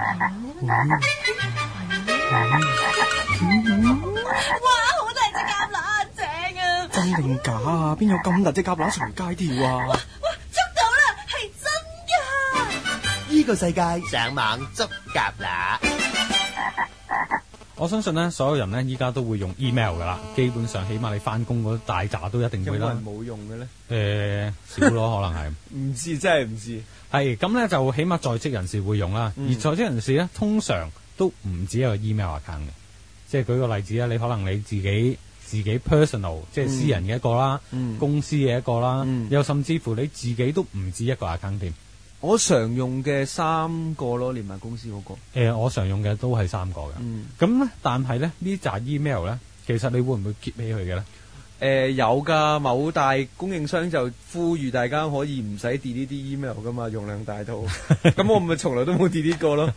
啊嗯嗯嗯，哇！好大隻蛤乸正啊！真定假哪啊？邊有咁大隻蛤乸隨街跳啊？哇！捉到啦，係真噶！呢個世界上網捉蛤乸。我相信咧，所有人咧依家都會用 email 噶啦，基本上起碼你翻工嗰大紮都一定會啦。因為冇用嘅咧？誒、呃，少咯， 可能係。唔知，真係唔知。係咁咧，就起碼在職人士會用啦。嗯、而在職人士咧，通常都唔止一個 email account 嘅。即係舉個例子啦，你可能你自己自己 personal 即係私人嘅一個啦，嗯、公司嘅一個啦，嗯、又甚至乎你自己都唔止一個 account 添。我常用嘅三個咯，連埋公司嗰、那個、呃。我常用嘅都係三個㗎。咁咧、嗯，但係咧，呢扎 email 咧，其實你會唔會 keep 起佢嘅咧？誒、呃，有噶，某大供應商就呼籲大家可以唔使 delete 啲 email 噶嘛，容量大套咁 我咪從來都冇 delete 過咯。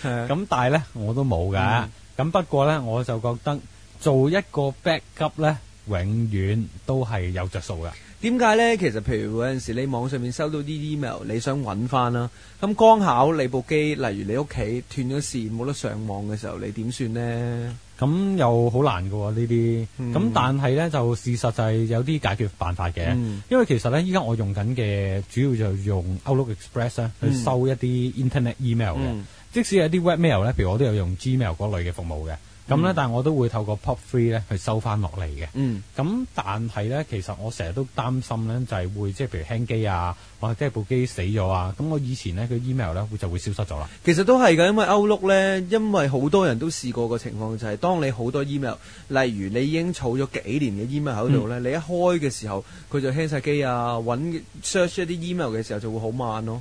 咁但係咧，我都冇㗎。咁、嗯、不過咧，我就覺得做一個 backup 咧。永遠都係有着數㗎。點解咧？其實譬如有陣時，你網上面收到啲 email，你想揾翻啦。咁剛巧你部機，例如你屋企斷咗線，冇得上網嘅時候，你點算呢？咁又好難嘅喎、啊嗯、呢啲。咁但係咧，就事實就係有啲解決辦法嘅。嗯、因為其實咧，依家我用緊嘅主要就係用 Outlook Express 咧、啊嗯、去收一啲 Internet email 嘅。嗯、即使有啲 Webmail 咧，譬如我都有用 Gmail 嗰類嘅服務嘅。咁咧，嗯、但係我都會透過 POP3 咧去收翻落嚟嘅。咁、嗯、但係咧，其實我成日都擔心咧，就係會即係譬如 hang 機啊，或者部機死咗啊。咁我以前呢個 email 咧就會消失咗啦。其實都係㗎，因為 Outlook 咧，因為好多人都試過個情況，就係、是、當你好多 email，例如你已經儲咗幾年嘅 email 喺度咧，嗯、你一開嘅時候，佢就 hang 晒機啊，揾 search 一啲 email 嘅時候就會好慢咯。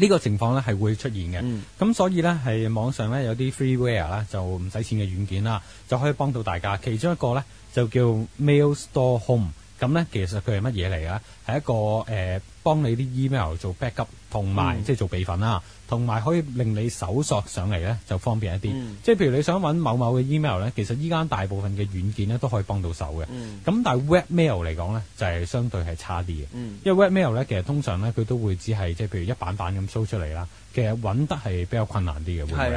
呢個情況咧係會出現嘅，咁、嗯、所以咧係網上咧有啲 freeware 啦，就唔使錢嘅軟件啦，就可以幫到大家。其中一個咧就叫 Mail Store Home。咁咧，其實佢係乜嘢嚟嘅？係一個誒、呃，幫你啲 email 做 backup，同埋、嗯、即係做備份啦、啊，同埋可以令你搜索上嚟咧就方便一啲。嗯、即係譬如你想揾某某嘅 email 咧，其實依家大部分嘅軟件咧都可以幫到手嘅。咁、嗯、但係 Webmail 嚟講咧，就係、是、相對係差啲嘅，嗯、因為 Webmail 咧其實通常咧佢都會只係即係譬如一版版咁 show 出嚟啦，其實揾得係比較困難啲嘅，的會唔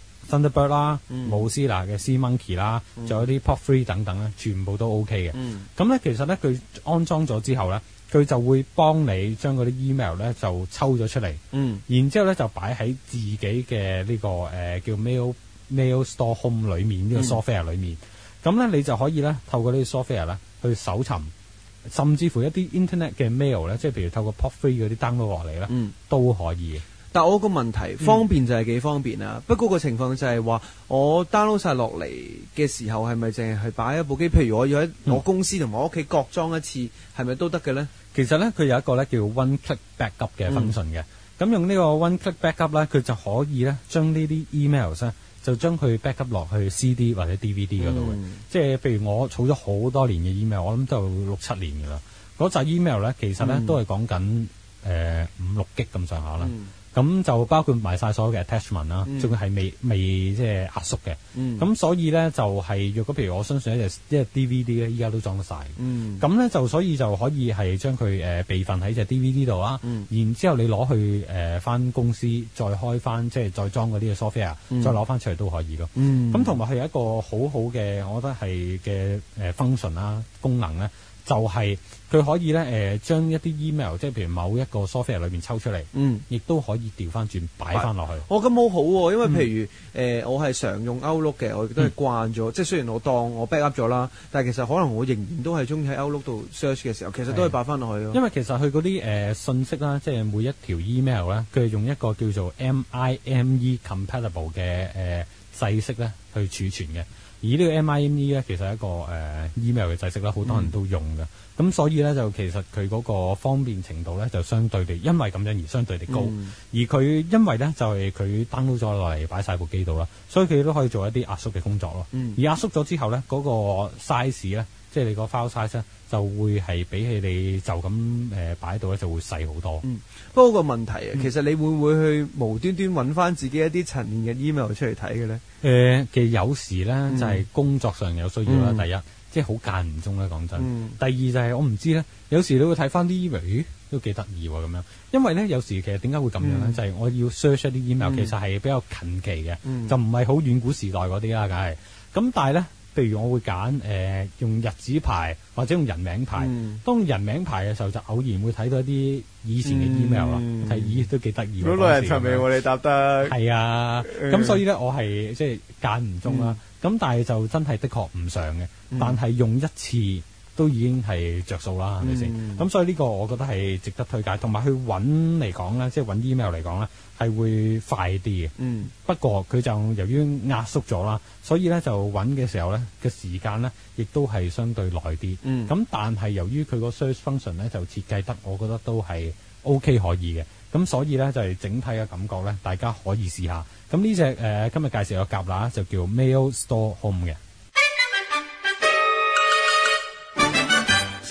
Thunderbird 啦、無、嗯、斯啦嘅 SeaMonkey 啦，仲、嗯、有啲 Pop3 等等咧，全部都 OK 嘅。咁咧、嗯嗯，其實咧，佢安裝咗之後咧，佢就會幫你將嗰啲 email 咧就抽咗出嚟，嗯、然之後咧就擺喺自己嘅呢、這個、呃、叫 mail mail store home 裏面呢、嗯、個 software 裏面。咁、嗯、咧，嗯、你就可以咧透過 soft 呢 software 咧去搜尋，甚至乎一啲 internet 嘅 mail 咧，即係譬如透過 Pop3 嗰啲 download 落嚟咧，嗯、都可以。但我個問題方便就係幾方便啊。嗯、不過個情況就係話，我 download 曬落嚟嘅時候係咪淨係去擺一部機？譬如我要喺我公司同埋我屋企各裝一次，係咪、嗯、都得嘅咧？其實咧，佢有一個咧叫 One Click Back Up 嘅 function 嘅。咁、嗯、用呢個 One Click Back Up 咧，佢就可以咧將呢啲 email 咧就將佢 back up 落去 CD 或者 DVD 嗰度嘅。即係、嗯、譬如我儲咗好多年嘅 email，我諗就六七年噶啦。嗰扎 email 咧，其實咧都係講緊誒五六 G 咁上下啦。嗯咁就包括埋晒所有嘅 attachment 啦、嗯，仲要係未未即係壓縮嘅，咁、嗯、所以咧就係、是、若果譬如我相信一隻 DVD 咧，依家都裝得晒，咁咧、嗯、就所以就可以係將佢誒、呃、備份喺隻 DVD 度啦，嗯、然之後你攞去誒翻、呃、公司再開翻，即係再裝嗰啲嘅 software 再攞翻出嚟都可以咯。咁同埋有一個好好嘅，我覺得係嘅 function 啦、啊、功能咧。就係佢可以咧、呃，將一啲 email，即係譬如某一個 software 裏面抽出嚟，嗯，亦都可以調翻轉擺翻落去。嗯、哦，咁好，好喎，因為譬如誒、嗯呃，我係常用 Outlook 嘅，我都係慣咗，嗯、即係雖然我當我 backup 咗啦，但其實可能我仍然都係中意喺 Outlook 度 search 嘅時候，其實都係擺翻落去。嗯、因為其實佢嗰啲誒信息啦，即係每一條 email 咧，佢係用一個叫做 MIME compatible 嘅誒制式咧去儲存嘅。而呢個 MIME 咧，其實係一個誒、呃、email 嘅制式啦，好多人都用嘅，咁、嗯、所以咧就其實佢嗰個方便程度咧就相對地，因為咁樣而相對地高。嗯、而佢因為咧就係、是、佢 download 咗落嚟擺晒部機度啦，所以佢都可以做一啲壓縮嘅工作咯。嗯、而壓縮咗之後咧，嗰、那個 size 咧。即係你個 file size 咧，就會係比起你就咁誒擺度咧，呃、到就會細好多。嗯，不過個問題啊，嗯、其實你會唔會去無端端揾翻自己一啲陳年嘅 email 出嚟睇嘅咧？其實有時咧、嗯、就係工作上有需要啦。嗯、第一，即係好間唔中啦講真。嗯、第二就係我唔知咧，有時你會睇翻啲 email，咦都幾得意喎咁樣。因為咧有時其實點解會咁樣咧？嗯、就係我要 search 一啲 email、嗯、其實係比較近期嘅，嗯、就唔係好遠古時代嗰啲啦，梗係。咁但係咧。譬如我會揀誒、呃、用日子牌或者用人名牌，嗯、當人名牌嘅時候就偶然會睇到一啲以前嘅 email 啊，睇咦都幾得意。好耐人尋味，我哋答得係啊！咁所以咧，我係即係揀唔中啦。咁、嗯、但係就真係的，的確唔上嘅，嗯、但係用一次。都已經係着數啦，係咪先？咁所以呢個我覺得係值得推介，同埋去揾嚟講咧，即係揾 email 嚟講咧，係會快啲嘅。嗯、不過佢就由於壓縮咗啦，所以咧就揾嘅時候咧嘅時間咧，亦都係相對耐啲。咁、嗯、但係由於佢個 search function 咧就設計得，我覺得都係 OK 可以嘅。咁所以咧就係整體嘅感覺咧，大家可以試下。咁呢隻、呃、今日介紹嘅夾乸就叫 Mail Store Home 嘅。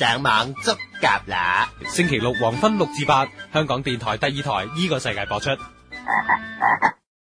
上網捉蛤乸啦，星期六黃昏六至八，香港電台第二台呢個世界播出。